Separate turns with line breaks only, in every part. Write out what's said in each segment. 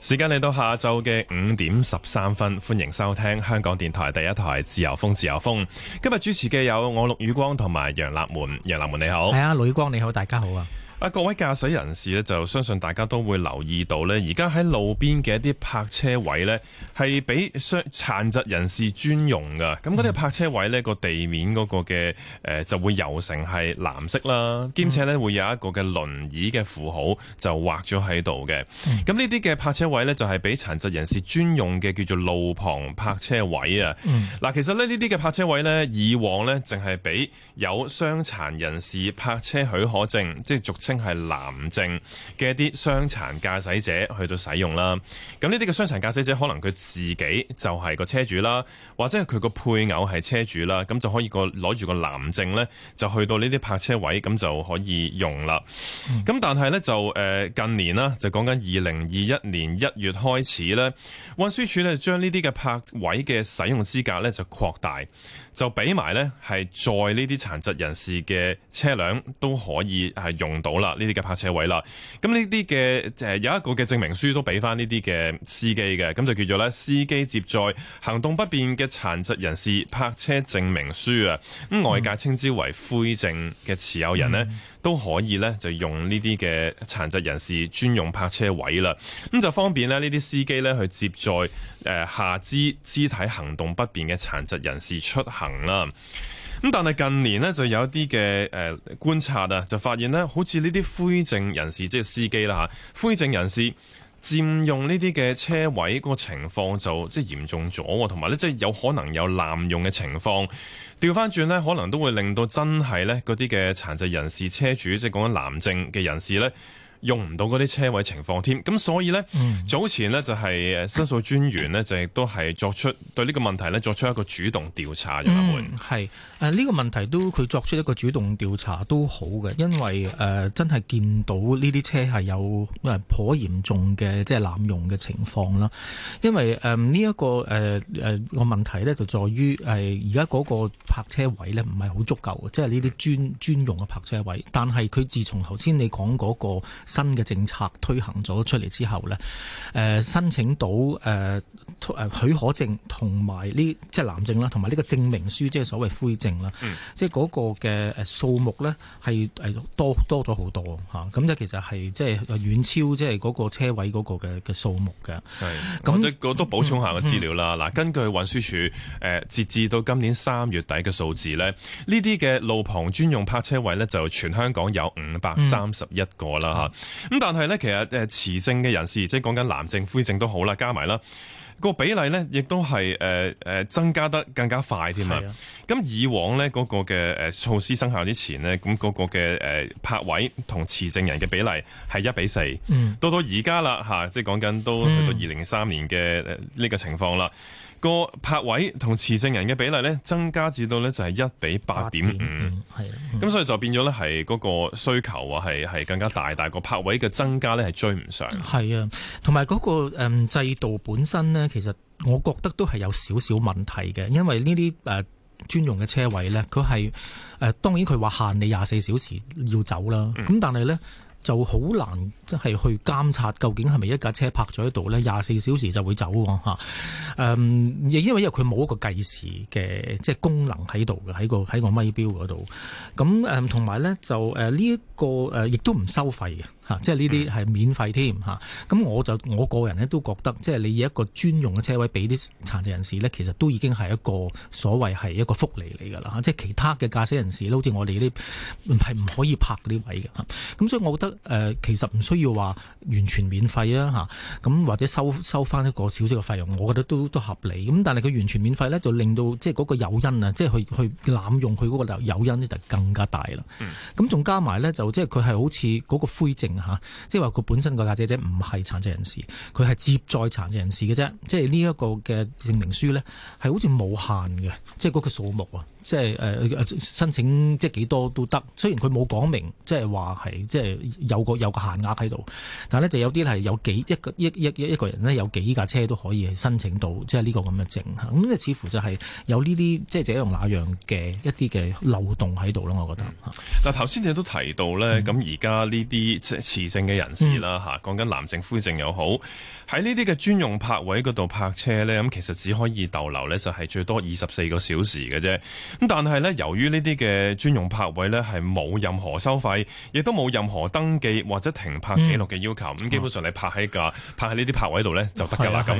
時間嚟到下晝嘅五點十三分，歡迎收聽香港電台第一台自由風自由風。今日主持嘅有我陸宇光同埋楊立門。楊立門你好，係啊，
陸宇光你好，大家好啊。
啊，各位駕駛人士咧，就相信大家都會留意到咧，而家喺路邊嘅一啲泊車位咧，係俾傷殘疾人士專用嘅。咁嗰啲泊車位咧，個、嗯、地面嗰個嘅誒就會油成係藍色啦，兼且咧會有一個嘅輪椅嘅符號就畫咗喺度嘅。咁呢啲嘅泊車位咧，就係俾殘疾人士專用嘅，叫做路旁泊車位啊。嗱、嗯，其實咧呢啲嘅泊車位咧，以往咧淨係俾有傷殘人士泊車許可證，即係俗正係藍證嘅一啲傷殘駕駛者去到使用啦。咁呢啲嘅傷殘駕駛者，可能佢自己就係個車主啦，或者係佢個配偶係車主啦，咁就可以個攞住個藍證呢，就去到呢啲泊車位，咁就可以用啦。咁、嗯、但係呢，就誒，近年啦，就講緊二零二一年一月開始呢，運輸署呢將呢啲嘅泊位嘅使用資格呢就擴大。就俾埋呢係載呢啲殘疾人士嘅車輛都可以係用到啦，呢啲嘅泊車位啦。咁呢啲嘅誒有一個嘅證明書都俾翻呢啲嘅司機嘅，咁就叫做呢司機接載行動不便嘅殘疾人士泊車證明書啊。咁外界稱之為灰證嘅持有人呢。嗯都可以咧，就用呢啲嘅殘疾人士專用泊車位啦，咁就方便呢啲司機呢去接載誒下肢肢體行動不便嘅殘疾人士出行啦。咁但係近年呢就有一啲嘅誒觀察啊，就發現呢好似呢啲灰證人士即係司機啦嚇，灰證人士。就是司佔用呢啲嘅車位嗰個情況就即係嚴重咗，同埋呢即係有可能有濫用嘅情況。調翻轉呢，可能都會令到真係呢嗰啲嘅殘疾人士車主，即係講緊藍證嘅人士呢，用唔到嗰啲車位情況添。咁所以呢，早前呢就係申訴專員呢，就亦都係作出 對呢個問題呢，作出一個
主動調查嘅。有有嗯，係。誒，呢個問題都佢作出一個主動調查都好嘅，因為誒、呃、真係見到呢啲車係有誒頗嚴重嘅即係濫用嘅情況啦。因為誒呢一個誒誒個問題咧就在於誒而家嗰個泊車位咧唔係好足夠嘅，即係呢啲專專用嘅泊車位。但係佢自從頭先你講嗰個新嘅政策推行咗出嚟之後咧，誒、呃、申請到誒誒、呃、許可證同埋呢即係藍證啦，同埋呢個證明書，即係所謂灰證。啦，嗯、即係嗰個嘅誒數目咧，係誒多多咗好多吓，咁即其實係即係遠超即係嗰個車位嗰個嘅嘅數目嘅。
咁我都補充下個資料啦，嗱、嗯，嗯、根據運輸署誒截至到今年三月底嘅數字咧，呢啲嘅路旁專用泊車位咧就全香港有五百三十一個啦吓。咁、嗯、但係咧，其實誒持證嘅人士，即係講緊藍證、灰證都好啦，加埋啦。個比例咧，亦都係誒、呃呃、增加得更加快添咁的以往咧，嗰、那個嘅、呃、措施生效之前咧，咁、那個個嘅誒、呃、泊位同持證人嘅比例係一比四。嗯，到、啊、說說到而家啦，即係講緊都去到二零三年嘅呢個情況啦。嗯嗯個泊位同持證人嘅比例咧，增加至到咧就係一比八點五，係咁、嗯、所以就變咗咧係嗰個需求啊係係更加大，但個泊位嘅增加咧係追唔上。
係啊，同埋嗰個誒制度本身咧，其實我覺得都係有少少問題嘅，因為呢啲誒專用嘅車位咧，佢係誒當然佢話限你廿四小時要走啦，咁、嗯、但係咧。就好難即係去監察究竟係咪一架車泊咗喺度咧？廿四小時就會走嚇，誒，因為因為佢冇一個計時嘅即係功能喺度嘅，喺個喺個咪表嗰度咁，誒，同埋咧就誒呢一個誒亦都唔收費嘅。啊、即係呢啲係免費添咁、啊、我就我個人咧都覺得，即係你以一個專用嘅車位俾啲殘疾人士咧，其實都已經係一個所謂係一個福利嚟㗎啦。即係其他嘅駕駛人士呢，好似我哋呢係唔可以泊呢啲位嘅咁、啊、所以，我覺得、呃、其實唔需要話完全免費啊咁或者收收翻一個少少嘅費用，我覺得都都合理。咁但係佢完全免費咧，就令到即係嗰個誘因啊，即係去去濫用佢嗰個誘因呢，就更加大啦。咁仲、嗯、加埋咧，就即係佢係好似嗰個灰證。吓，即係話佢本身個家姐姐唔係殘疾人士，佢係接載殘疾人士嘅啫，即係呢一個嘅證明書咧，係好似冇限嘅，即係嗰個數目啊。即係誒，申請即係幾多都得。雖然佢冇講明，即係話係即係有個有個限額喺度，但係咧就有啲係有幾一個一一一一個人咧有幾架車都可以係申請到，即係呢個咁嘅證吓。咁、嗯、似乎就係有呢啲即係這樣那樣嘅一啲嘅漏洞喺度咯，我覺得。嗱、
嗯，頭先你都提到咧，咁而家呢啲即係持證嘅人士啦吓，講緊藍證、灰證又好，喺呢啲嘅專用泊位嗰度泊車咧，咁其實只可以逗留咧就係最多二十四個小時嘅啫。咁但係咧，由於呢啲嘅專用泊位咧，係冇任何收費，亦都冇任何登記或者停泊記錄嘅要求。咁、嗯、基本上你泊喺架、泊喺呢啲泊位度咧，就得㗎喇咁。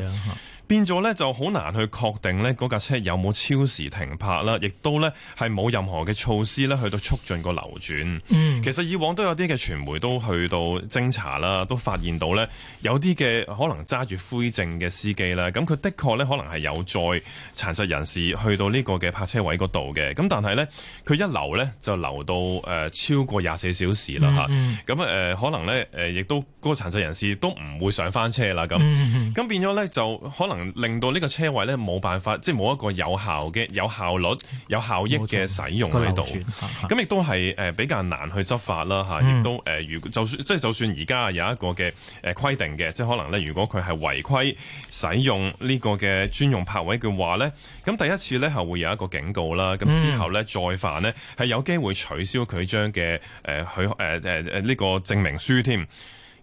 變咗咧就好難去確定咧嗰架車有冇超時停泊啦，亦都咧係冇任何嘅措施咧去到促進個流轉。嗯、其實以往都有啲嘅傳媒都去到偵查啦，都發現到呢有啲嘅可能揸住灰證嘅司機啦，咁佢的確咧可能係有載殘疾人士去到呢個嘅泊車位嗰度嘅，咁但係呢，佢一流呢就留到誒超過廿四小時啦嚇，咁、嗯嗯、可能呢，亦都嗰個殘疾人士都唔會上翻車啦咁，咁變咗呢，就可能。令到呢個車位咧冇辦法，即係冇一個有效嘅有效率、有效益嘅使用喺度，咁亦都係比較難去執法啦，亦、嗯、都如、呃、就算即係就算而家有一個嘅規定嘅，即係可能咧，如果佢係違規使用呢個嘅專用泊位嘅話咧，咁第一次咧係會有一個警告啦，咁之後咧再犯呢係有機會取消佢張嘅誒許誒誒呢個證明書添。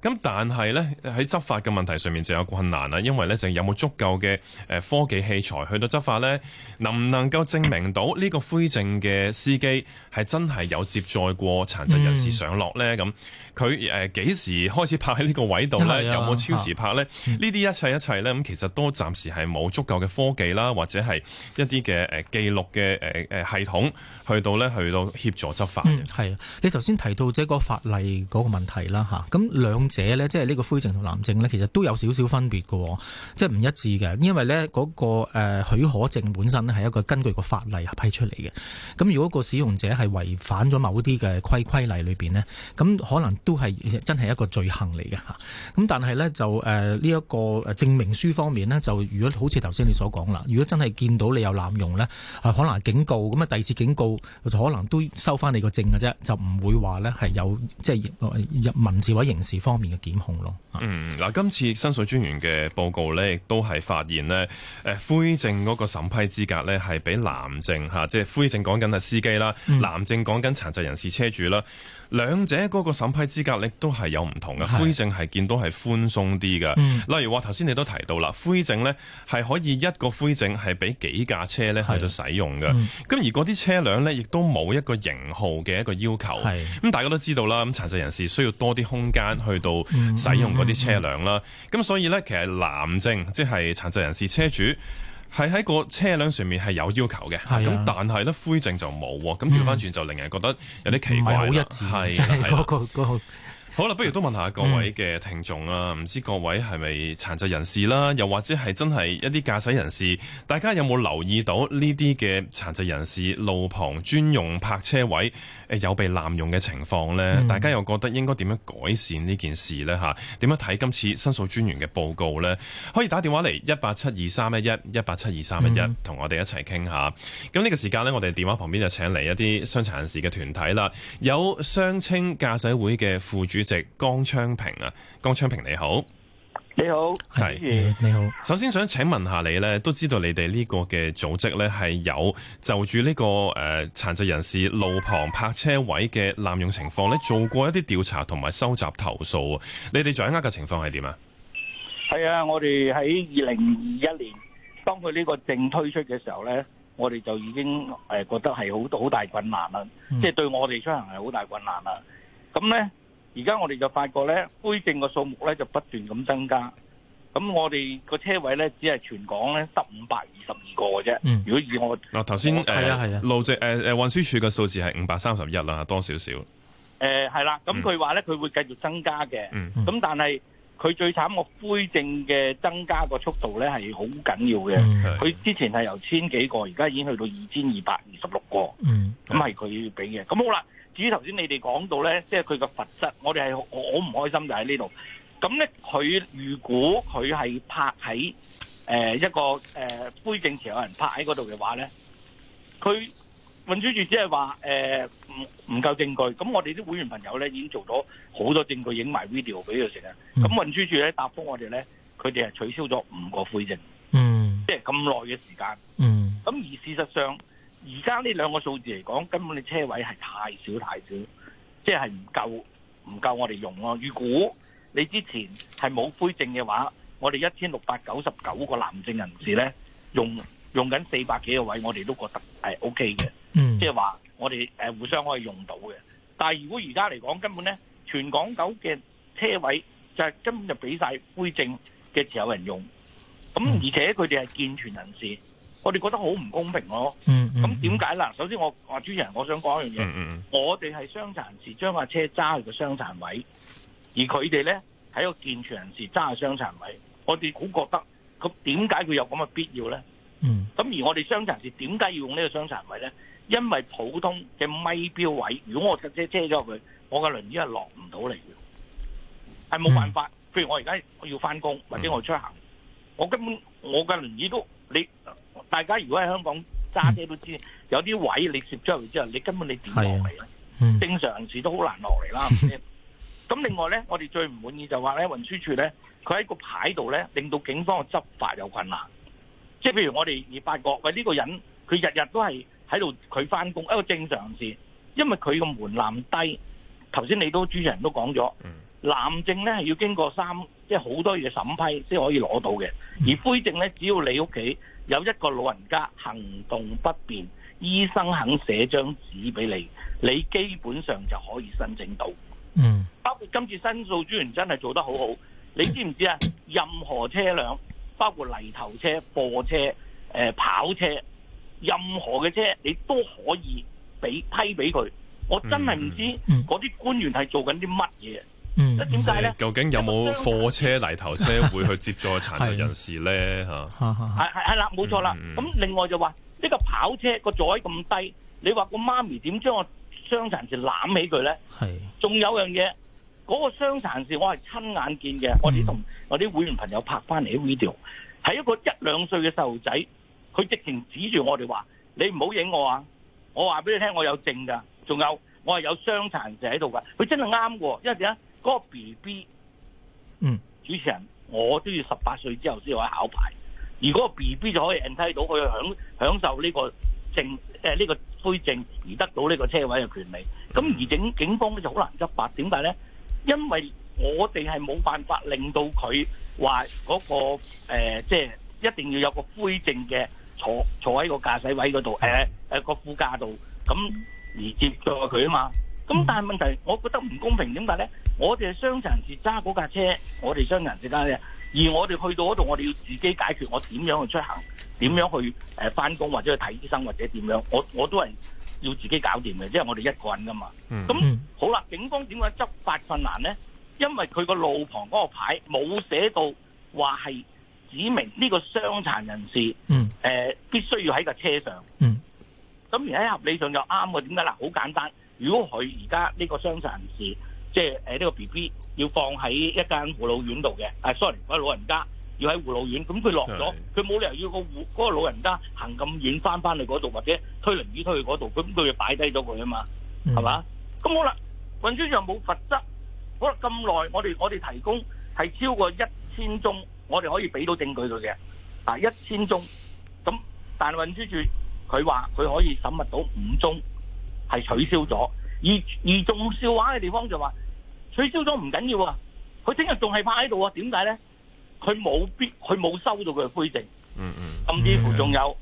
咁但係咧喺執法嘅問題上面就有困難啦，因為咧就有冇足夠嘅誒科技器材去到執法咧，能唔能夠證明到呢個灰證嘅司機係真係有接載過殘疾人士上落咧？咁佢誒幾時開始拍喺呢個位度咧？嗯、有冇超時拍咧？呢啲、嗯、一切一切咧，咁其實都暫時係冇足夠嘅科技啦，或者係一啲嘅誒記錄嘅誒誒系統去到咧去到協助執法係啊、嗯，
你頭先提到即係個法例嗰問題啦吓，咁兩。者呢，即係呢個灰證同藍證呢，其實都有少少分別嘅，即係唔一致嘅。因為呢嗰個許可證本身呢，係一個根據個法例批出嚟嘅。咁如果個使用者係違反咗某啲嘅規規例裏邊呢，咁可能都係真係一個罪行嚟嘅吓，咁但係呢，就誒呢一個證明書方面呢，就如果好似頭先你所講啦，如果真係見到你有濫用呢，可能警告，咁啊第二次警告就可能都收翻你個證嘅啫，就唔會話呢，係有即係入文字或者刑事方面。面嘅檢控咯。嗯，
嗱，今次申訴專員嘅報告咧，亦都係發現咧，灰證嗰個審批資格咧，係比藍證吓，即係灰證講緊係司機啦，藍證講緊殘疾人士車主啦。兩者嗰個審批資格咧都係有唔同嘅，灰證係見到係寬鬆啲嘅。例如話頭先你都提到啦，灰證呢係可以一個灰證係俾幾架車咧去到使用嘅。咁、嗯、而嗰啲車輛呢亦都冇一個型號嘅一個要求。咁是的 大家都知道啦，咁殘疾人士需要多啲空間去到使用嗰啲車輛啦。咁、嗯嗯嗯、所以呢，其實藍證即係殘疾人士車主。係喺個車輛上面係有要求嘅，咁、啊、但係咧灰證就冇，咁調翻轉就令人覺得有啲奇怪啦，係個個。好啦，不如都問下各位嘅聽眾啊，唔、嗯、知各位係咪殘疾人士啦，又或者係真係一啲駕駛人士？大家有冇留意到呢啲嘅殘疾人士路旁專用泊車位誒有被濫用嘅情況咧？嗯、大家又覺得應該點樣改善呢件事咧？吓、啊，點樣睇今次申訴專員嘅報告咧？可以打電話嚟、嗯、一八七二三一一，一八七二三一一同我哋一齊傾下。咁呢個時間咧，我哋電話旁邊就請嚟一啲傷殘人士嘅團體啦，有傷青駕駛會嘅副主席。直江昌平啊，江昌平你好，你好，係你好。是你好，首先想請問下你咧，都知道你哋呢個嘅組織咧，係有就住呢個誒殘疾人士路旁泊車位嘅濫用情況咧，做過一啲調查同埋收集投訴，你哋掌握嘅情況係點啊？
係啊，我哋喺二零二一年當佢呢個證推出嘅時候咧，我哋就已經誒覺得係好好大困難啦，即係、嗯、對我哋出行係好大困難啦。咁咧。而家我哋就發覺咧，灰證嘅數目咧就不斷咁增加。咁我哋個車位咧，只係全港咧得五百二十二個嘅啫。嗯、如果以我
嗱頭先，係啊係啊，呃、啊啊路政誒誒運輸署嘅數字係五百三十一啦，多少少。
誒係啦，咁佢話咧佢會繼續增加嘅。咁但係佢最慘，個灰證嘅增加個速度咧係好緊要嘅。佢、嗯、之前係由千幾個，而家已經去到二千二百二十六個。嗯，咁係佢俾嘅。咁好啦。至於頭先你哋講到咧，即係佢嘅罰則，我哋係好唔開心就喺呢度。咁咧，佢如果佢係拍喺誒、呃、一個誒、呃、灰證持有人拍喺嗰度嘅話咧，佢運輸處只係話誒唔唔夠證據。咁我哋啲會員朋友咧已經做咗好多證據影埋 video 俾佢食啊。咁運輸處咧答覆我哋咧，佢哋係取消咗五個灰證。嗯，即係咁耐嘅時間。嗯，咁而事實上。而家呢兩個數字嚟講，根本你車位係太少太少，即係唔夠唔夠我哋用咯、啊。如果你之前係冇灰證嘅話，我哋一千六百九十九個男證人士呢，用用緊四百幾個位，我哋都覺得係 OK 嘅，即係話我哋誒、呃、互相可以用到嘅。但係如果而家嚟講，根本呢全港九嘅車位就係根本就俾晒灰證嘅持有人用，咁而且佢哋係健全人士。我哋覺得好唔公平咯、哦。咁點解嗱？首先我話，主持人我想講一樣嘢，嗯嗯、我哋係傷殘人士將架車揸去個傷殘位，而佢哋咧喺個健全人士揸去傷殘位。我哋好覺得咁點解佢有咁嘅必要咧？咁、嗯、而我哋傷殘人士點解要用呢個傷殘位咧？因為普通嘅咪標位，如果我架車車咗佢，我嘅輪椅係落唔到嚟嘅，係冇、嗯、辦法。譬如我而家我要翻工或者我出行，嗯、我根本我嘅輪椅都你。大家如果喺香港揸車都知，有啲位你攝咗入去之後，你根本你跌落嚟啦。正常人士都好難落嚟啦，咁 另外咧，我哋最唔滿意就話、是、咧，運輸署咧，佢喺個牌度咧，令到警方嘅執法有困難。即係譬如我哋而發覺喂呢、這個人，佢日日都係喺度佢翻工，一個正常事因為佢個門檻低。頭先你都主持人都講咗，藍證咧係要經過三即係好多嘢審批先可以攞到嘅，而灰證咧只要你屋企。有一個老人家行動不便，醫生肯寫張紙俾你，你基本上就可以申請到。嗯，包括今次申訴專員真係做得好好，你知唔知啊？任何車輛，包括泥頭車、貨車、呃、跑車，任何嘅車，你都可以俾批俾佢。我真係唔知嗰啲官員係做緊啲乜嘢。嗯嗯、
究竟有冇貨車泥頭車會去接載殘疾人士咧？
吓係係啦，冇錯啦。咁另外就話呢、這個跑車個座位咁低，你話的、那個媽咪點將個傷殘士攬起佢咧？係。仲有樣嘢，嗰個傷殘士我係親眼見嘅，我哋同我啲會員朋友拍翻嚟 video，係一個一兩歲嘅細路仔，佢直情指住我哋話：你唔好影我啊！我話俾你聽，我有證噶，仲有我係有傷殘士喺度噶。佢真係啱噶，因為點啊？嗰個 B B，嗯，主持人，嗯、我都要十八歲之後先可以考牌。而果個 B B 就可以 entitle 到，佢享享受呢個證，呢、呃呢個灰證而得到呢個車位嘅權利。咁而警警方咧就好難執法，點解咧？因為我哋係冇辦法令到佢話嗰個即係、呃即係、一定要有個灰證嘅坐坐喺個駕駛位嗰度，誒、呃嗰個副駕度，咁而接載佢啊嘛。咁、嗯、但係問題，我覺得唔公平點解咧？我哋係傷殘人士揸嗰架車，我哋傷殘人士揸嘅，而我哋去到嗰度，我哋要自己解決我點樣去出行，點樣去返翻工或者去睇醫生或者點樣，我我都係要自己搞掂嘅，即係我哋一個人㗎嘛。咁好啦，警方點解執法困難咧？因為佢個路旁嗰個牌冇寫到話係指明呢個傷殘人士、嗯呃、必須要喺架車上。咁、嗯嗯、而喺合理上就啱嘅，點解啦？好簡單。如果佢而家呢個傷殘人士，即係誒呢個 B B 要放喺一間護老院度嘅，誒、啊，sorry，嗰個老人家要喺護老院，咁佢落咗，佢冇的理由要嗰個護嗰老人家行咁遠翻返去嗰度，或者推輪椅推去嗰度，咁佢要擺低咗佢啊嘛，
係嘛、嗯？
咁好啦，運輸處又冇罰則，好啦，咁耐我哋我哋提供係超過一千宗，我哋可以俾到證據佢嘅，啊，一千宗，咁但係運輸處佢話佢可以審核到五宗。係取消咗，而而仲笑話嘅地方就話取消咗唔緊要啊！佢聽日仲係拍喺度啊！點解咧？佢冇必佢冇收到佢嘅灰證，
嗯嗯，甚至乎
仲有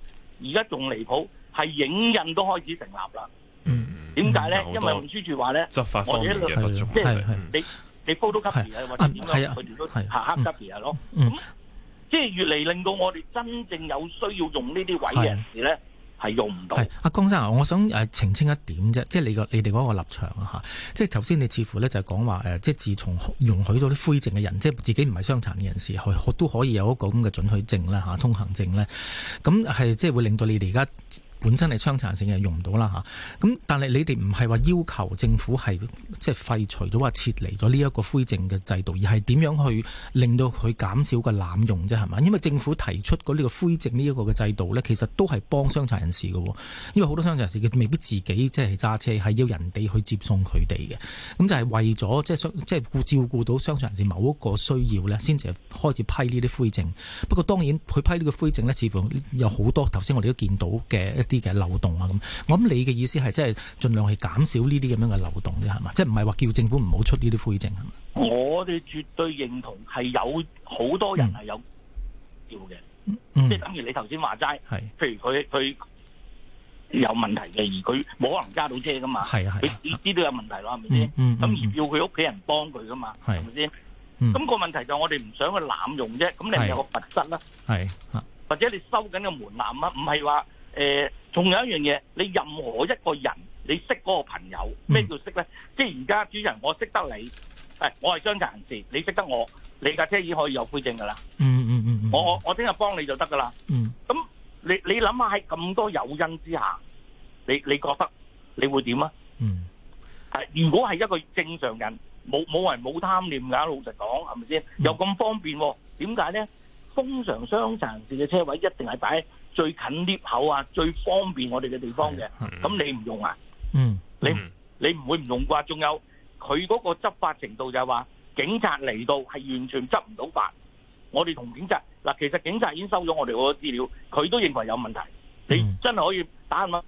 而家仲離譜，係影印都開始成立啦，嗯，點解咧？因為唔輸住話咧，執法方面嘅不忠，即係你你高多級別啊，或者點解佢哋都下黑級別啊？咯，咁即係越嚟令到我哋真正有需要用呢啲位嘅人士咧。
係用唔到。係阿江生啊，我想誒澄清一點啫，即係你個你哋嗰個立場啊吓。即係頭先你似乎咧就係講話誒，即係自從容許咗啲灰證嘅人，即係自己唔係傷殘嘅人士，係都可以有一個咁嘅准許證啦吓，通行證咧，咁係即係會令到你哋而家。本身係傷殘性嘅用唔到啦吓，咁但係你哋唔係話要求政府係即係廢除咗話撤離咗呢一個灰證嘅制度，而係點樣去令到佢減少個濫用啫係嘛？因為政府提出嗰呢個灰證呢一個嘅制度呢，其實都係幫傷殘人士喎。因為好多傷殘人士未必自己即係揸車，係要人哋去接送佢哋嘅，咁就係、是、為咗即係即係照顧到傷殘人士某一個需要呢，先至開始批呢啲灰證。不過當然佢批呢個灰證呢，似乎有好多頭先我哋都見到嘅一啲。啲嘅漏洞啊，咁，我諗你嘅意思係，即係盡量去減少呢啲咁樣嘅漏洞啫，係嘛，即係唔係話叫政府唔好出呢啲灰證，係嘛。
我哋絕對認同係有好多人係有要嘅，即係等於你頭先話齋，係是，譬如佢佢有問題嘅，而佢冇可能揸到車噶嘛，係啊，佢啲，啊、都有問題咯，係咪先？咁，嗯嗯、而要佢屋企人幫佢噶嘛，係咪先？咁，嗯、個問題就我哋唔想佢濫用啫，咁你咪有一個品質啦，
係，啊、
或者你收緊個門檻啊，唔係話誒。呃仲有一樣嘢，你任何一個人，你識嗰個朋友，咩叫識呢？嗯、即係而家，主人我，我識得你，誒，我係傷殘人士，你識得我，你架車已經可以有灰證噶啦。嗯嗯嗯，我我我聽日幫你就得噶啦。嗯，咁你你諗下喺咁多誘因之下，你你覺得你會點啊？嗯，誒，如果係一個正常人，冇冇人冇貪念噶，老實講，係咪先？又咁方便喎、啊？點解呢？通常傷殘人士嘅車位一定係擺。最近啲口啊，最方便我哋嘅地方嘅，咁你唔用啊？嗯，你你唔會唔用啩？仲有佢嗰個執法程度就係話，警察嚟到係完全執唔到法。我哋同警察嗱，其實警察已經收咗我哋嗰個資料，佢都認為有問題。你真係可以打我？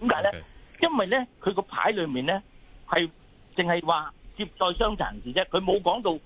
點解咧？因為咧，佢個牌裡面咧係淨係話接載傷殘人士啫，佢冇講到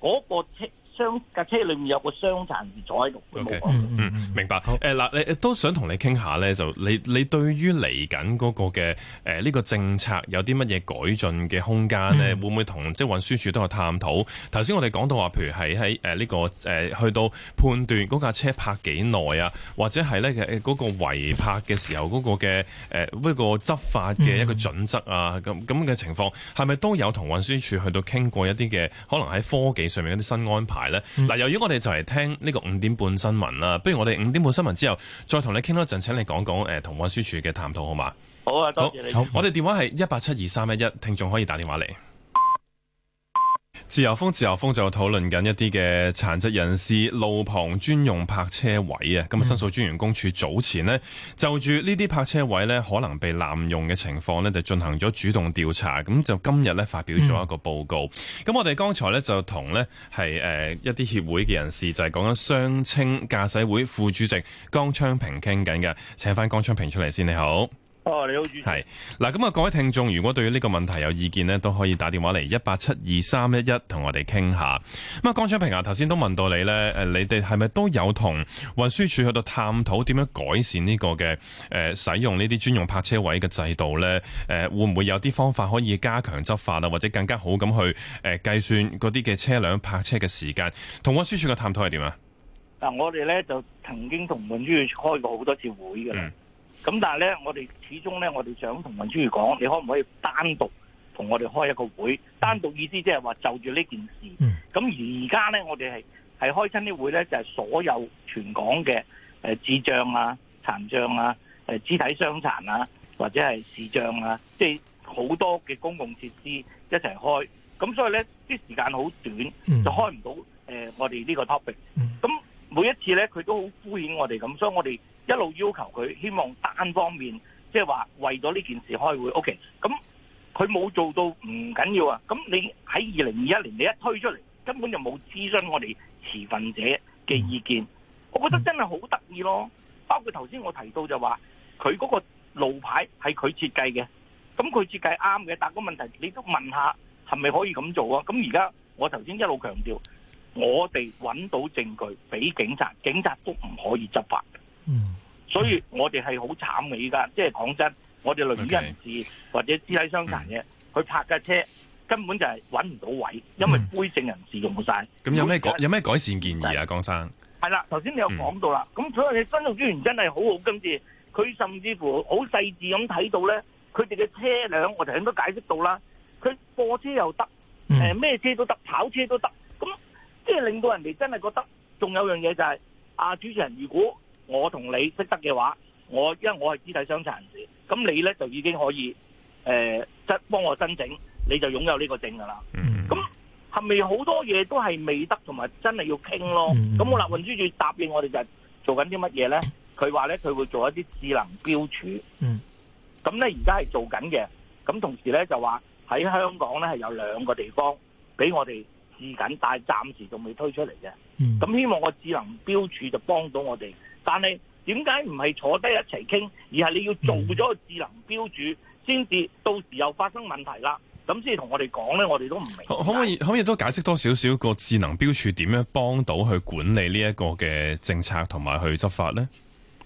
嗰個車，
雙架車裏面有個傷殘，坐喺度。Hmm. Mm hmm. 明白。誒、呃，嗱，你都想同你傾下呢。就你你對於嚟緊嗰個嘅誒呢個政策有啲乜嘢改進嘅空間呢？Mm hmm. 會唔會同即係運輸署都有探討？頭先我哋講到話，譬如係喺誒呢個誒、呃、去到判斷嗰架車泊幾耐啊，或者係呢嘅嗰個違泊嘅時候嗰個嘅誒呢個執法嘅一個準則啊，咁咁嘅情況係咪都有同運輸署去到傾過一啲嘅可能喺科技上面一啲新安排？咧嗱，嗯、由於我哋就嚟聽呢個五點半新聞啦，不如我哋五點半新聞之後再同你傾多一陣，請你講講誒同運輸署嘅探討好嗎？
好啊，多謝你。好，
我哋電話係一八七二三一一，聽眾可以打電話嚟。自由風自由風就討論緊一啲嘅殘疾人士路旁專用泊車位啊。咁申訴專員公署早前呢，嗯、就住呢啲泊車位呢可能被濫用嘅情況呢，就進行咗主動調查，咁就今日呢發表咗一個報告。咁、嗯、我哋剛才呢，就同呢係誒一啲協會嘅人士就係講緊傷青駕駛會副主席江昌平傾緊嘅，請返江昌平出嚟先，你好。哦，你好主持，係嗱，咁啊，各位聽眾，如果對於呢個問題有意見呢，都可以打電話嚟一八七二三一一，同我哋傾下。咁啊，江昌平啊，頭先都問到你呢，誒，你哋係咪都有同運輸署去到探討點樣改善呢個嘅誒使用呢啲專用泊車位嘅制度呢？誒，會唔會有啲方法可以加強執法啊，或者更加好咁去誒計算嗰啲嘅車輛泊車嘅時間？同運輸署嘅探討係點啊？嗱、嗯，
我哋呢就曾經同運輸署開過好多次會㗎喇。咁但係咧，我哋始終咧，我哋想同文珠如講，你可唔可以單獨同我哋開一個會？單獨意思即係話就住呢件事。咁、嗯、而家咧，我哋係係開親啲會咧，就係、是、所有全港嘅誒、呃、智障啊、殘障啊、誒肢體傷殘啊，或者係視障啊，即係好多嘅公共設施一齊開。咁所以咧，啲時間好短，就開唔到誒我哋呢個 topic。咁、嗯、每一次咧，佢都好敷衍我哋咁，所以我哋。一路要求佢，希望單方面即係話為咗呢件事開會。OK，咁佢冇做到唔緊要啊。咁你喺二零二一年你一推出嚟，根本就冇諮詢我哋持份者嘅意見。我覺得真係好得意咯。包括頭先我提到就話，佢嗰個路牌係佢設計嘅，咁佢設計啱嘅。但個問題你問，你都問下係咪可以咁做啊？咁而家我頭先一路強調，我哋揾到證據俾警察，警察都唔可以執法。嗯，所以我哋係好慘嘅依家，即係講真的，我哋輪椅人士 okay, 或者肢體傷殘嘅，佢、嗯、泊架車根本就係搵唔到位，嗯、因為灰證人士用晒。咁有咩改、就是、有
咩改善建議啊？對江生
係啦，頭先你有講到啦，咁所以你申訴專員真係好好跟住，佢甚至乎好細致咁睇到咧，佢哋嘅車輛，我哋應該解釋到啦，佢貨車又得，誒咩、嗯呃、車都得，跑車都得，咁即係令到人哋真係覺得、就是，仲有樣嘢就係，阿主持人如果。我同你識得嘅話，我因為我係肢體傷殘人士，咁你咧就已經可以誒、呃、幫我申請，你就擁有呢個證㗎啦。咁係咪好多嘢都係未得同埋真係要傾咯？咁我立運輸署答應我哋就係做緊啲乜嘢咧？佢話咧，佢會做一啲智能標柱，咁咧而家係做緊嘅。咁同時咧就話喺香港咧係有兩個地方俾我哋試緊，但係暫時仲未推出嚟嘅。咁、mm hmm. 希望個智能標柱就幫到我哋。但係點解唔係坐低一齊傾，而係你要做咗個智能標柱，先至到時候又發生問題啦，咁先同我哋講咧，我哋都唔明可。
可唔可以可唔可以都解釋多少少個智能標柱點樣幫到去管理呢一個嘅政策同埋去執法咧？
啊，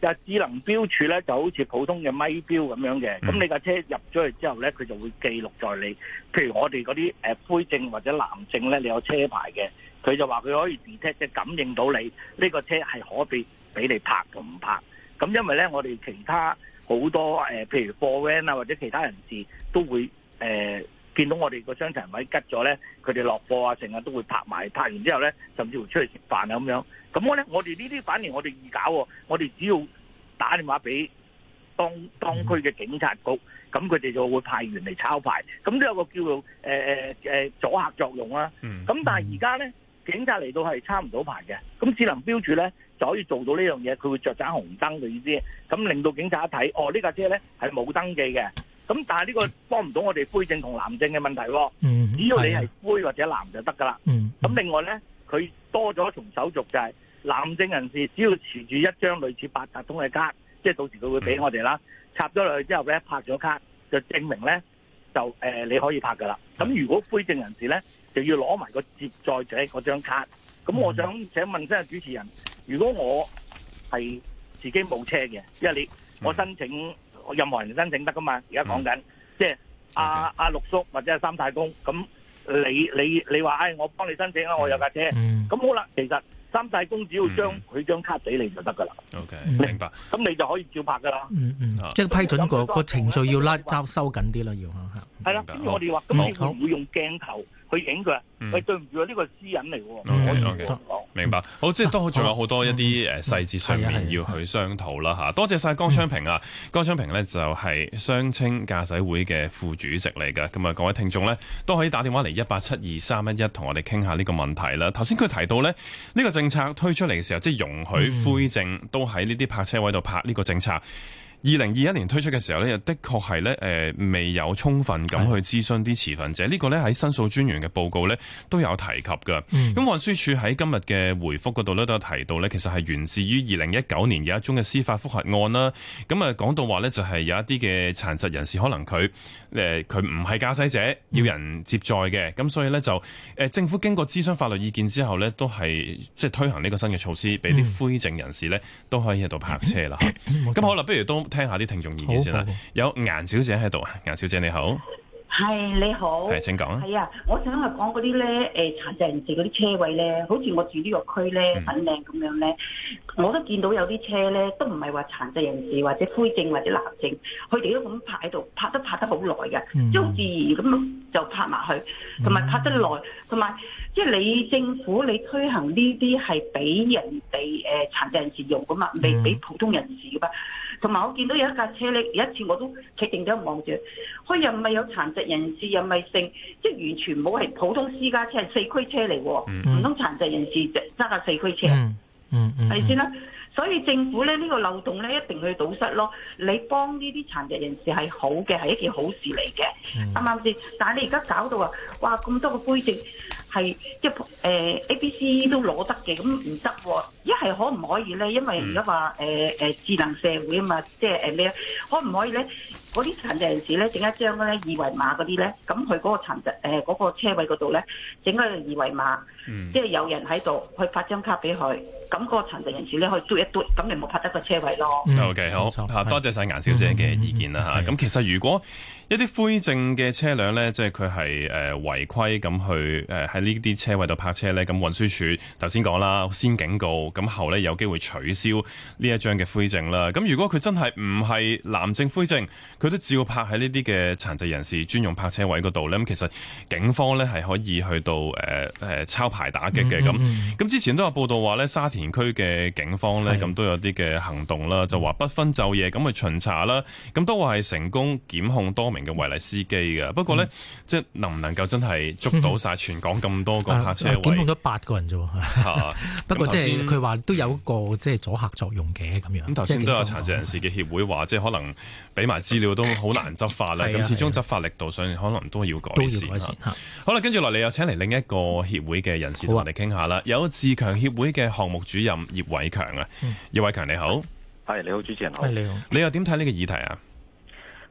就係智能標柱咧就好似普通嘅咪標咁樣嘅，咁你架車入咗去之後咧，佢就會記錄在你。譬如我哋嗰啲誒灰證或者藍證咧，你有車牌嘅，佢就話佢可以 detect 即係感應到你呢個車係可變。俾你拍就唔拍？咁因為咧，我哋其他好多誒，譬如貨 van 啊，或者其他人士都會誒、呃、見到我哋個商場位吉咗咧，佢哋落貨啊，成日都會拍埋，拍完之後咧，甚至乎出去食飯啊咁樣。咁我咧，我哋呢啲反而我哋易搞喎。我哋只要打電話俾當當區嘅警察局，咁佢哋就會派員嚟抄牌。咁都有個叫做誒誒誒阻嚇作用啦。咁但係而家咧，嗯嗯。警察嚟到係差唔到牌嘅，咁智能標柱呢就可以做到呢樣嘢，佢會着盞紅燈嘅意思，咁令到警察一睇，哦呢架車呢係冇登記嘅，咁但係呢個幫唔到我哋灰證同藍證嘅問題喎、哦，只要你係灰或者藍就得㗎啦。咁、嗯、另外呢，佢多咗一重手續就係、是、藍證人士只要持住一張類似八達通嘅卡，即、就、係、是、到時佢會俾我哋啦，插咗落去之後呢，拍咗卡就證明呢。就誒、呃，你可以拍噶啦。咁如果灰證人士咧，就要攞埋個接載者嗰張卡。咁我想請問一下主持人，如果我係自己冇車嘅，因為你我申請任何人申請得噶嘛？而家講緊即係阿阿六叔或者係三太公，咁你你你話誒、哎，我幫你申請啦，我有架車。咁、嗯、好啦，其實。三大公只要將佢張卡俾你就得噶啦。OK，你明白。咁你就可以照拍噶啦，嗯。嗯
嗯，即係批准
個個、嗯嗯、程序，要拉閘收緊啲啦，嗯、要吓，嚇、
嗯。係啦、嗯，咁我哋話，咁你、嗯、會唔會用鏡頭，嗯去影佢啊！喂，對唔住啊，呢、這個私隱嚟㗎，okay, okay,
我明白。好，即係都仲有好多一啲誒細節上面要去商討啦吓。 多謝晒江昌平啊，江、嗯、昌平咧就係傷青駕駛會嘅副主席嚟㗎。咁啊，各位聽眾咧都可以打電話嚟一八七二三一一同我哋傾下呢個問題啦。頭先佢提到咧，呢個政策推出嚟嘅時候，即、就、係、是、容許灰證都喺呢啲泊車位度泊呢個政策。二零二一年推出嘅時候呢，又的確係咧，誒未有充分咁去諮詢啲持份者。呢個咧喺申訴專員嘅報告咧都有提及嘅。咁運輸署喺今日嘅回覆嗰度咧都有提到咧，其實係源自於二零一九年有一宗嘅司法覆核案啦。咁啊講到話呢，就係有一啲嘅殘疾人士可能佢誒佢唔係駕駛者，要人接載嘅。咁所以呢，就誒政府經過諮詢法律意見之後呢，都係即係推行呢個新嘅措施，俾啲灰證人士呢都可以喺度泊車啦。咁好啦，不如都，聽下啲聽眾意見先啦，有顏小姐喺度啊，顏小姐你好，
係你好，係請
講
啊，係
啊，我想係講嗰啲咧，誒殘疾人士嗰啲車位咧，好似我住呢個區咧，粉嶺咁樣咧，我都見到有啲車咧，都唔係話殘疾人士或者灰證或者男症，佢哋都咁拍喺度，拍都拍得好耐嘅，即好自然咁就拍埋去，同埋拍得耐，同埋即係你政府你推行呢啲係俾人哋誒殘疾人士用噶嘛，未俾普通人士噶嘛。同埋我見到有一架車咧，有一次我都企定咗望住，佢又唔係有殘疾人士，又唔係剩，即係完全冇係普通私家車，係四驅車嚟喎，唔通、mm hmm. 殘疾人士就揸架四驅車？嗯嗯、mm，係咪先啦？所以政府咧呢、呢個漏洞咧一定去堵塞咯。你幫呢啲殘疾人士係好嘅，係一件好事嚟嘅，啱唔啱先？Hmm. 但係你而家搞到啊，哇！咁多個灰證。係即係誒 A、B、就是呃、C 都攞得嘅，咁唔得喎。一係可唔可以咧？因為而家話誒誒智能社會啊嘛，即係誒咩啊？可唔可以咧？嗰啲殘疾人士咧，整一張咧二維碼嗰啲咧，咁佢嗰個殘疾誒嗰個車位嗰度咧，整咗個二維碼，即係、嗯、有人喺度，去發張卡俾佢，咁、那、嗰個殘疾人士咧可以嘟一嘟，咁你冇拍得個車位
咯。嗯、o、okay, K，好嚇，錯啊、多謝晒顏小姐嘅意見啦嚇。咁其實如果一啲灰證嘅車輛咧，即係佢係誒違規咁去誒喺呢啲車位度泊車咧，咁運輸署頭先講啦，先警告，咁後咧有機會取消呢一張嘅灰證啦。咁如果佢真係唔係藍證灰證，佢都照泊喺呢啲嘅殘疾人士專用泊車位嗰度咧，咁其實警方咧係可以去到誒誒、呃、抄牌打擊嘅，咁咁、嗯嗯、之前都有報道話咧，沙田區嘅警方咧咁的都有啲嘅行動啦，就話不分晝夜咁去巡查啦，咁都話係成功檢控多名嘅違例司機嘅。不過咧，即係、嗯、能唔能夠真係捉到晒全港咁多個泊車位？嗯嗯嗯啊、檢控咗八個人啫。不過即係佢
話都有個即係阻吓作用嘅咁樣，咁頭先都有殘疾
人士嘅協會話，即係可能俾埋資料。都好難執法啦，咁、啊、始終執法力度上可能都要改善。改善好啦，跟住落嚟又請嚟另一個協會嘅人士同我哋傾下啦。啊、有自強協會嘅項目主任葉偉強啊，葉偉強你好，係你好主持人，好。你好，你又點睇呢個議題啊？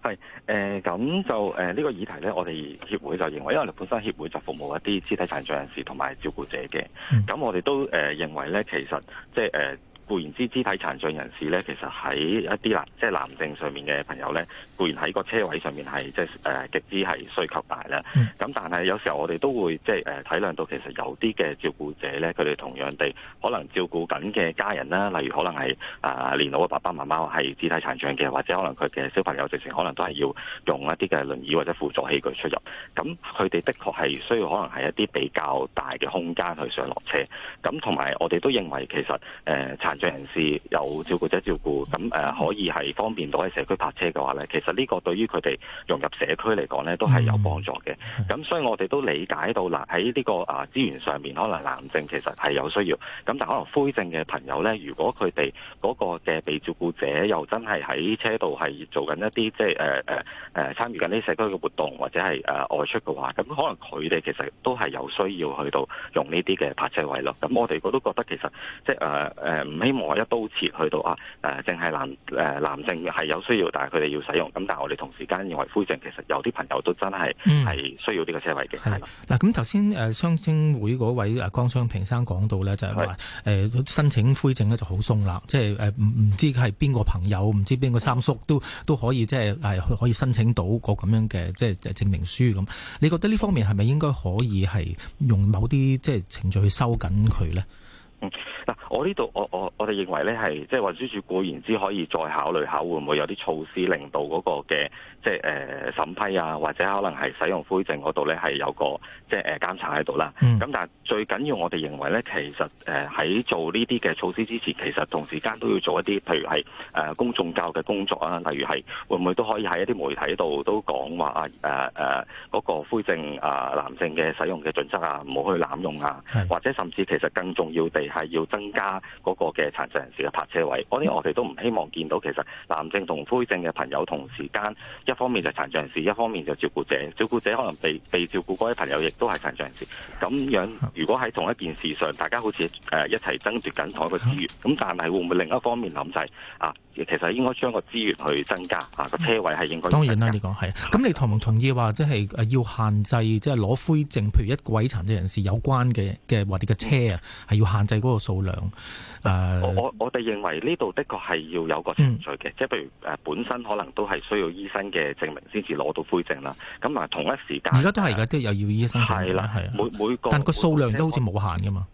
係誒，咁、呃、就誒呢、呃這個議題咧，我哋協會就認為，因為我哋
本身協會就服務一啲肢體殘障人士同埋照顧者嘅，咁、嗯、我哋都誒、呃、認為咧，其實即係誒。就是固然之肢體殘障人士咧，其實喺一啲啦，即、就、係、是、男性上面嘅朋友咧，固然喺個車位上面係即係誒極之係需求大啦。咁、嗯、但係有時候我哋都會即係誒體諒到其實有啲嘅照顧者咧，佢哋同樣地可能照顧緊嘅家人啦，例如可能係誒、呃、年老嘅爸爸媽媽係肢體殘障嘅，或者可能佢嘅小朋友直情可能都係要用一啲嘅輪椅或者輔助器具出入。咁佢哋的確係需要可能係一啲比較大嘅空間去上落車，咁同埋我哋都認為其實誒。殘、呃人士有照顧者照顧，咁誒、呃、可以係方便到喺社區泊車嘅話咧，其實呢個對於佢哋融入社區嚟講咧，都係有幫助嘅。咁所以我哋都理解到，啦喺呢個誒、啊、資源上面，可能藍證其實係有需要。咁但可能灰證嘅朋友咧，如果佢哋嗰個嘅被照顧者又真係喺車度係做緊一啲即係誒誒誒參與緊啲社區嘅活動或者係誒、呃、外出嘅話，咁可能佢哋其實都係有需要去到用呢啲嘅泊車位咯。咁我哋我都覺得其實即係誒誒。呃呃希望我一刀切去到啊，誒、呃，正係男誒、呃、男性係有需要，但係佢哋要使用。咁但係我哋同時間認為灰證其實有啲朋友都真係係、嗯、需要呢個車位
嘅。嗱，的，咁頭先誒，傷青會嗰位誒江昌平生講到咧，就係話誒申請灰證咧就好鬆啦，即係誒唔唔知係邊個朋友，唔知邊個三叔都都可以即係係可以申請到個咁樣嘅即係即係證明書咁。你覺得呢方面係咪應該可以係用某啲即係程序去收緊佢咧？嗯，
嗱，我呢度我我我哋認為咧係即係運輸署固然之可以再考慮下會唔會有啲措施令到嗰個嘅即係誒審批啊，或者可能係使用灰證嗰度咧係有個即係誒監察喺度啦。咁、嗯、但係最緊要我哋認為咧，其實誒喺、呃、做呢啲嘅措施之前，其實同時間都要做一啲，譬如係誒、呃、公眾教育嘅工作啊，例如係會唔會都可以喺一啲媒體度都講話啊誒誒嗰個灰證啊、呃、男性嘅使用嘅準則啊，唔好去濫用啊，的或者甚至其實更重要地。係要增加嗰個嘅殘障人士嘅泊車位，啲我哋都唔希望見到。其實藍證同灰證嘅朋友同時間一方面就殘障人士，一方面就照顧者。照顧者可能被被照顧嗰啲朋友，亦都係殘障人士。咁樣如果喺同一件事上，大家好似誒一齊爭奪緊同一個資源，咁但係會唔會另一方面諗就係啊，其實應該將個資源去增加啊，個車位係應該當然啦。
你講係。咁你同唔同意話即係誒要限制即係攞灰證，譬如一個位殘障人士有關嘅嘅或啲嘅車啊，係要限制？嗰個數量，誒，我我
我哋認為呢度的確係要有個程序嘅，即係譬如誒本身可能都係需要醫生嘅證明先至攞到灰證啦。咁啊同一時間，而
家都係，而家都有要醫生係啦，係每每個，但個數量都好似冇限㗎嘛，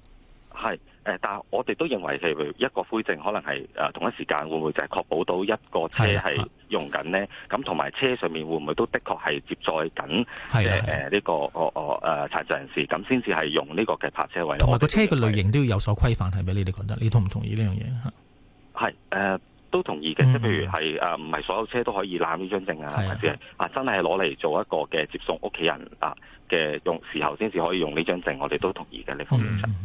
係。誒，但係我哋都認為，譬如一個灰證，可能係誒同一時間會唔會就係確保到一個車係用緊呢？咁同埋車上面會唔會都的確係接載緊誒呢個哦哦誒殘疾人士？咁先至係用呢個嘅泊車位。同埋個車
嘅類型都要有所規範，係咪？你哋覺得，你同唔同意呢樣嘢？吓、
啊，係誒。都同意嘅，即係譬如係，嗯、啊，唔係所有車都可以攞呢張證啊，或者的啊，真係攞嚟做一個嘅接送屋企人啊嘅用時候，先至可以用呢張證。我哋都同意嘅呢方面。
嗯、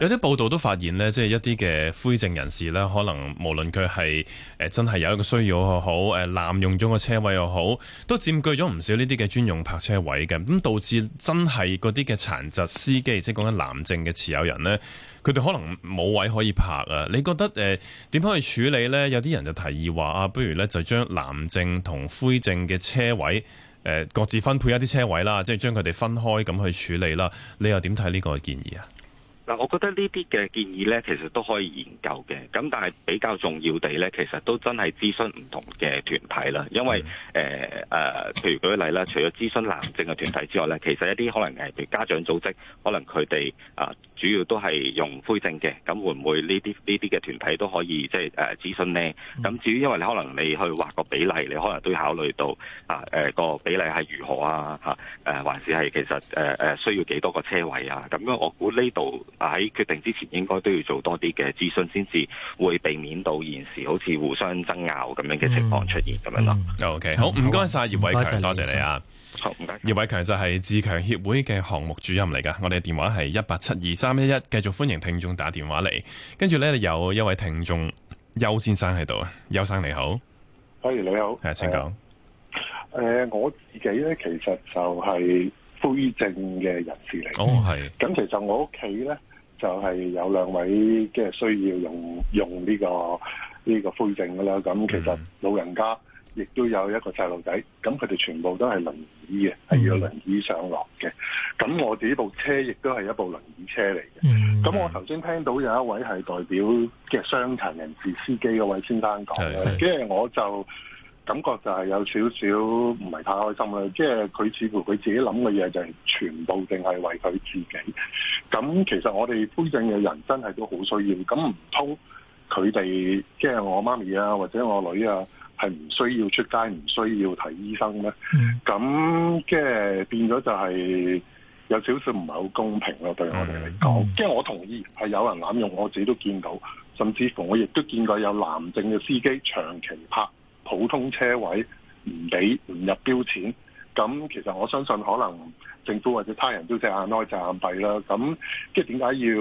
的有啲報道都發現咧，即、就、係、是、一啲嘅灰證人士咧，可能無論佢係誒真係有一個需要又好，誒、呃、濫用咗個車位又好，都佔據咗唔少呢啲嘅專用泊車位嘅，咁導致真係嗰啲嘅殘疾司機，即係講緊藍證嘅持有人咧，佢哋可能冇位可以泊啊。你覺得誒點、呃、可以處理咧？有啲人就提議話啊，不如咧就將藍證同灰證嘅車位，誒各自分配一啲車位啦，即係將佢哋分開咁去處理啦。你又點睇呢個建議啊？
嗱，我覺得呢啲嘅建議咧，其實都可以研究嘅。咁但係比較重要地咧，其實都真係諮詢唔同嘅團體啦。因為誒誒、呃，譬如舉例啦，除咗諮詢藍證嘅團體之外咧，其實一啲可能係譬如家長組織，可能佢哋啊主要都係用灰證嘅。咁會唔會呢啲呢啲嘅團體都可以即係誒諮詢呢？咁至於因為你可能你去劃個比例，你可能都要考慮到啊誒、呃、個比例係如何啊嚇誒、啊，還是係其實誒、啊、需要幾多個車位啊？咁我估呢度。喺決定之前，應該都要做多啲嘅諮詢，先至會避免到現時好似互相爭拗咁樣嘅情況出現咁
樣咯。OK、嗯、好，唔該晒葉偉強，多謝，謝你啊！好唔該，謝謝葉偉強就係自強協會嘅項目主任嚟㗎。我哋嘅電話係一八七二三一一，繼續歡迎聽眾打電話嚟。跟住呢，有一位聽眾邱先生喺度啊，邱生你好，
阿馮你好，係請講。誒、呃呃，我自己咧，其實就係、是。灰症嘅人士嚟，哦係，咁其實我屋企咧就係、是、有兩位即係需要用用呢、這個呢、這個灰症噶啦，咁其實老人家亦都有一個細路仔，咁佢哋全部都係輪椅嘅，係的要輪椅上落嘅，咁我哋呢部車亦都係一部輪椅車嚟嘅，咁、嗯、我頭先聽到有一位係代表嘅傷殘人士司機嗰位先生講咧，即係的我就。感覺就係有少少唔係太開心啦，即係佢似乎佢自己諗嘅嘢就係全部淨係為佢自己。咁其實我哋灰證嘅人真係都好需要。咁唔通佢哋即係我媽咪啊，或者我女啊，係唔需要出街，唔需要睇醫生咩？咁即係變咗就係有少少唔係好公平咯，對我哋嚟講。即係、mm. 我同意係有人濫用，我自己都見到，甚至乎我亦都見過有男性嘅司機長期泊。普通車位唔俾唔入標錢，咁其實我相信可能政府或者他人都隻眼開隻眼閉啦。咁即係點解要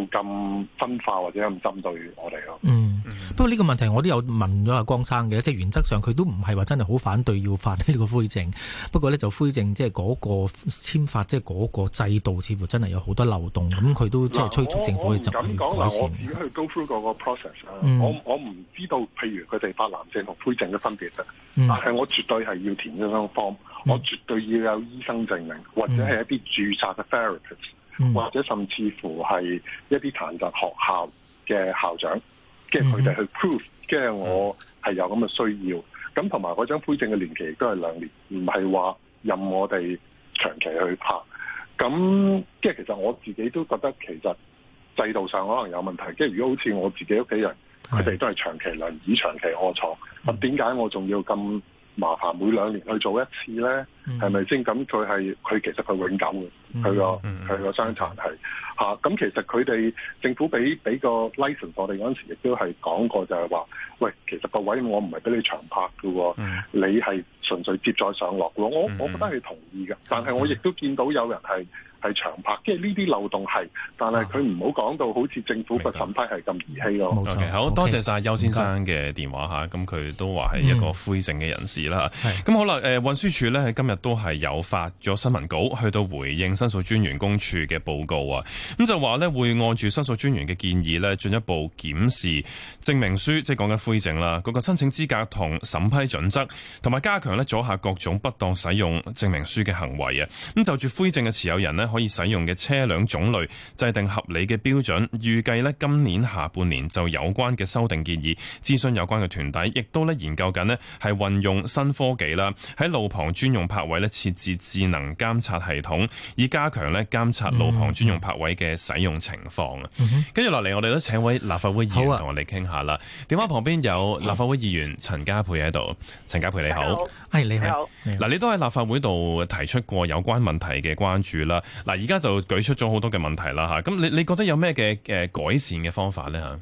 要咁分化或者咁針對我哋咯？嗯。
嗯、不過呢個問題我都有問咗阿江生嘅，即係原則上佢都唔係話真係好反對要發呢個灰證，不過咧就灰證即係嗰個簽發，即係嗰個制度，似乎真係有好多漏洞，咁佢都即係催促政府去就改善。我我唔敢講
話，我唔去 go through 嗰個 process、嗯、我我唔知道，譬如佢哋發藍證同灰證嘅分別啫，嗯、但係我絕對係要填嗰張 form，我絕對要有醫生證明，或者係一啲註冊嘅 therapist、嗯、或者甚至乎係一啲殘疾學校嘅校長。即係佢哋去 proof 即係我係有咁嘅需要。咁同埋嗰張灰證嘅年期都係兩年，唔係話任我哋長期去拍。咁即係其實我自己都覺得其實制度上可能有問題，即係如果好似我自己屋企人，佢哋都係長期輪椅長期卧牀，點解我仲要咁？麻煩每兩年去做一次咧，係咪先？咁佢係佢其實佢永久嘅佢個佢個生產係咁、啊、其實佢哋政府俾俾個 license 我哋嗰陣時，亦都係講過就係話：喂，其實個位我唔係俾你長泊㗎喎、哦，嗯、你係純粹接載上落嘅。我我覺得係同意嘅，嗯、但係我亦都見到有人係。係長拍，即係呢啲漏洞係，但係佢唔好講到好似政府個審批係咁兒戲咯。白嗯、好，好多謝晒邱先生
嘅電話吓，咁佢謝都話係一個灰證嘅人士啦。咁、嗯、好啦，誒，運輸署喺今日都係有發咗新聞稿，去到回應申訴專員公署嘅報告啊。咁就話呢，會按住申訴專員嘅建議呢，進一步檢視證明書，即係講緊灰證啦，嗰、嗰個申請資格同審批準則，同埋加強阻嚇各種不當使用證明書嘅行為啊。咁就住灰證嘅持有人呢，可以使用嘅車輛種類，制定合理嘅標準。預計今年下半年就有關嘅修訂建議，諮詢有關嘅團體，亦都研究緊咧係運用新科技啦，喺路旁專用泊位咧設置智能監察系統，以加強監察路旁專用泊位嘅使用情況。跟住落嚟，mm hmm. 我哋都請位立法會議員同我哋傾下啦。電話、啊、旁邊有立法會議員陳家珮喺度，陳家珮你好，係 Hello. 你好。嗱好，你都喺立法會度提出過有關問題嘅關注啦。嗱，而家就舉出咗好多嘅問題啦嚇，咁你你覺得有咩嘅誒改善嘅方法咧
嚇？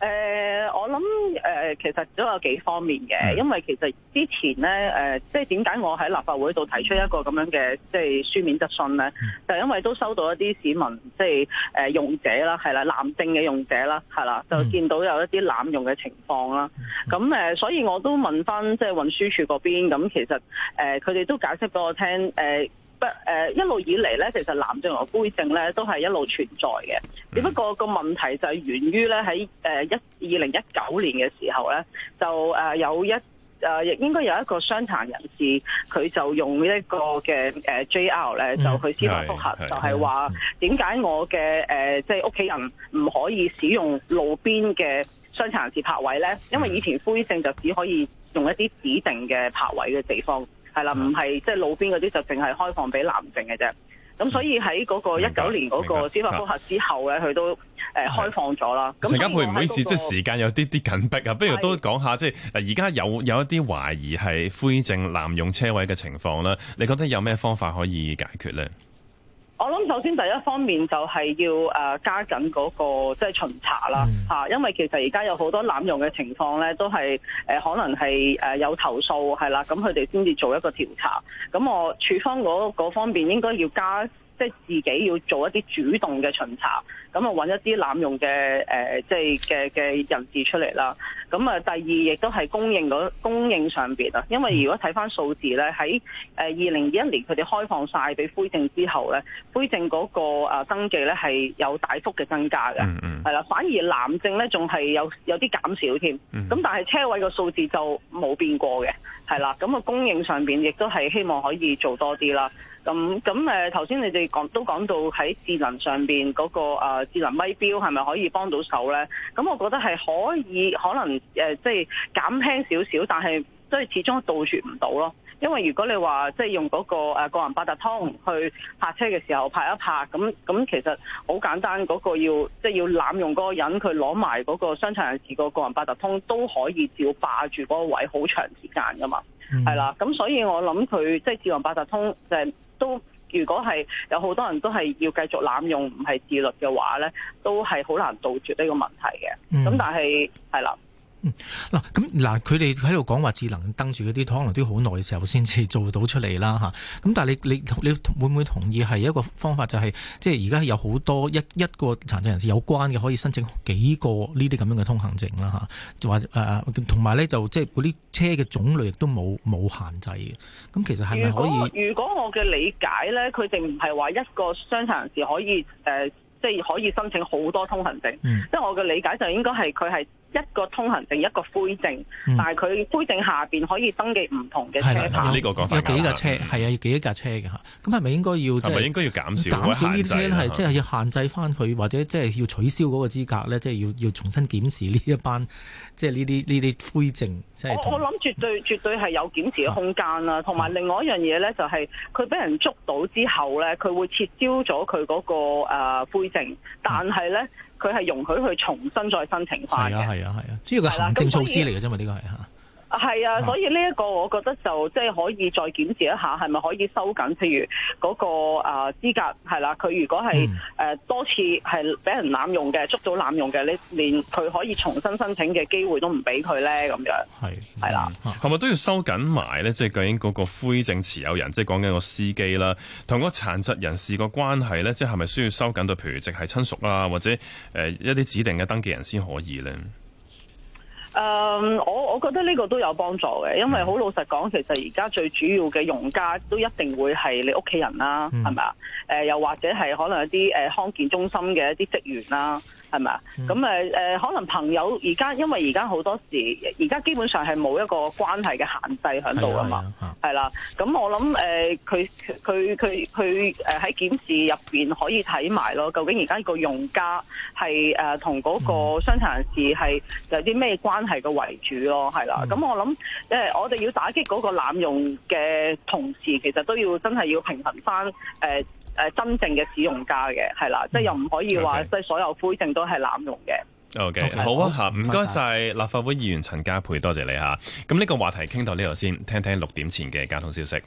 誒、
呃，我諗誒、呃，其實都有幾方面嘅，是因為其實之前咧誒，即係點解我喺立法會度提出一個咁樣嘅即係書面質詢咧，嗯、就因為都收到一啲市民即係誒、呃、用者啦，係啦，濫用嘅用者啦，係啦，就見到有一啲濫用嘅情況啦。咁誒、嗯，所以我都問翻即係運輸署嗰邊，咁其實誒，佢、呃、哋都解釋俾我聽誒。呃不、呃，一路以嚟咧，其實藍證和灰證咧都係一路存在嘅，只、嗯、不過這個問題就係源於咧喺誒一二零一九年嘅時候咧，就誒、呃、有一誒、呃、應該有一個傷殘人士，佢就用一個嘅誒 j r 咧，呃、JR，就去司法覆核，就係話點解我嘅誒即係屋企人唔可以使用路邊嘅傷殘人士泊位咧？嗯、因為以前灰證就只可以用一啲指定嘅泊位嘅地方。係啦，唔係即係路邊嗰啲就淨係開放俾男性嘅啫。咁、嗯、所以喺嗰個一九年嗰個司法覆核之後咧，佢都誒開放咗
啦。陳家珮，唔好意思，即係
時間有啲啲緊迫啊，不如都講下即係而家有有一啲懷疑係灰證濫用車位嘅情況啦。你覺得有咩方法可以解決呢？
我諗首先第一方面就係要誒加緊嗰、嗰個即係、即係、巡查啦，吓、嗯，因為其實而家有好多濫用嘅情況咧，都係誒可能係誒、呃、有投訴係啦，咁佢哋先至做一個調查。咁我處方嗰、嗰個、方面應該要加，即係自己要做一啲主動嘅巡查。咁啊，揾一啲濫用嘅誒、呃，即係嘅嘅人士出嚟啦。咁啊，第二亦都係供應嗰供應上面，啊。因為如果睇翻數字咧，喺誒二零二一年佢哋開放晒俾灰證之後咧，灰證嗰個登記咧係有大幅嘅增加嘅，係啦、嗯嗯。反而藍證咧仲係有有啲減少添。咁但係車位個數字就冇變過嘅，係啦。咁啊，供應上面亦都係希望可以做多啲啦。咁咁誒，頭先、嗯、你哋講都講到喺智能上面嗰、那個、啊、智能咪標係咪可以幫到手咧？咁我覺得係可以，可能誒、呃、即係減輕少少，但係即係始終杜絕唔到咯。因為如果你話即係用嗰、那個誒、啊、個人八達通去泊車嘅時候泊一泊，咁咁其實好簡單，嗰、那個要即係要濫用嗰個人，佢攞埋嗰個傷殘人士個個人八達通都可以照霸住嗰個位好長時間噶嘛，係啦、嗯。咁所以我諗佢即係智能八達通就係都如果係有好多人都係要繼續濫用，唔係自律嘅話呢，都係好難杜絕呢個問題嘅。咁但係係啦。
嗯，嗱，咁嗱，佢哋喺度講話智能登住嗰啲，可能都好耐嘅時候先至做到出嚟啦，吓，咁但係你你你會唔會同意係一個方法、就係，就係即係而家有好多一一個殘疾人士有關嘅可以申請幾個呢啲咁樣嘅通行證啦，啊、就同埋咧就即係嗰啲車嘅種類亦都冇冇限制嘅。咁其實係咪可以如？
如果我嘅理解咧，佢哋唔係話一個傷殘人士可以即係、呃就係、可以申請好多通行證。嗯、即係我嘅理解就應該係佢係。一個通行證，一個灰證，但係佢灰證下邊可以登記唔同嘅車牌，
有幾架車係啊，有幾多架車嘅吓？咁係咪應該要係咪應該要
減少？減少呢啲車係即
係要限制返佢，或者即係、就是、要取消嗰個資格咧？即、就、係、是、要要重新檢視呢一班即係呢啲呢啲灰證。就是、我我
諗絕對絕對係有檢視嘅空間啦，同埋、嗯、另外一樣嘢咧、就是，就係佢俾人捉到之後咧，佢會撤銷咗佢嗰個誒灰證，但係咧。佢係容許佢重新再申請翻嘅，
係啊，係啊，係啊，只要佢行政措施嚟嘅啫嘛，呢個係嚇。
係啊，所以呢一個我覺得就即係、就是、可以再檢視一下，係咪可以收緊，譬如嗰個、呃、資是啊資格係啦，佢如果係誒、嗯呃、多次係俾人濫用嘅，捉到濫用嘅，你連佢可以重新申請嘅機會都唔俾佢咧，咁樣係係啦，
係咪、啊嗯啊、都要收緊埋咧？即、就、係、是、究竟嗰個灰證持有人，即係講緊個司機啦，同個殘疾人士個關係咧，即係係咪需要收緊到，譬如直系親屬啊，或者誒、呃、一啲指定嘅登記人先可以咧？
誒，um, 我我覺得呢個都有幫助嘅，因為好老實講，其實而家最主要嘅用家都一定會係你屋企人啦，啊，係咪啊？誒，又或者係可能一啲誒康健中心嘅一啲職員啦，啊。係咪啊？咁誒誒，可能朋友而家，因為而家好多時，而家基本上係冇一個關係嘅限制喺度啊嘛，係啦。咁我諗誒，佢佢佢佢誒喺檢視入邊可以睇埋咯，究竟而家個用家係誒同嗰個傷殘人士係有啲咩關係嘅為主咯，係啦。咁、嗯、我諗誒、呃，我哋要打擊嗰個濫用嘅同時，其實都要真係要平衡翻誒。呃誒真正嘅使用家嘅係啦，即係，嗯、又唔可以話即係所有灰證都係濫用嘅。
OK，, okay. okay. 好啊嚇，唔該晒立法會議員陳家珮，謝謝多謝你嚇。咁呢個話題傾到呢度先，聽聽六點前嘅交通消息。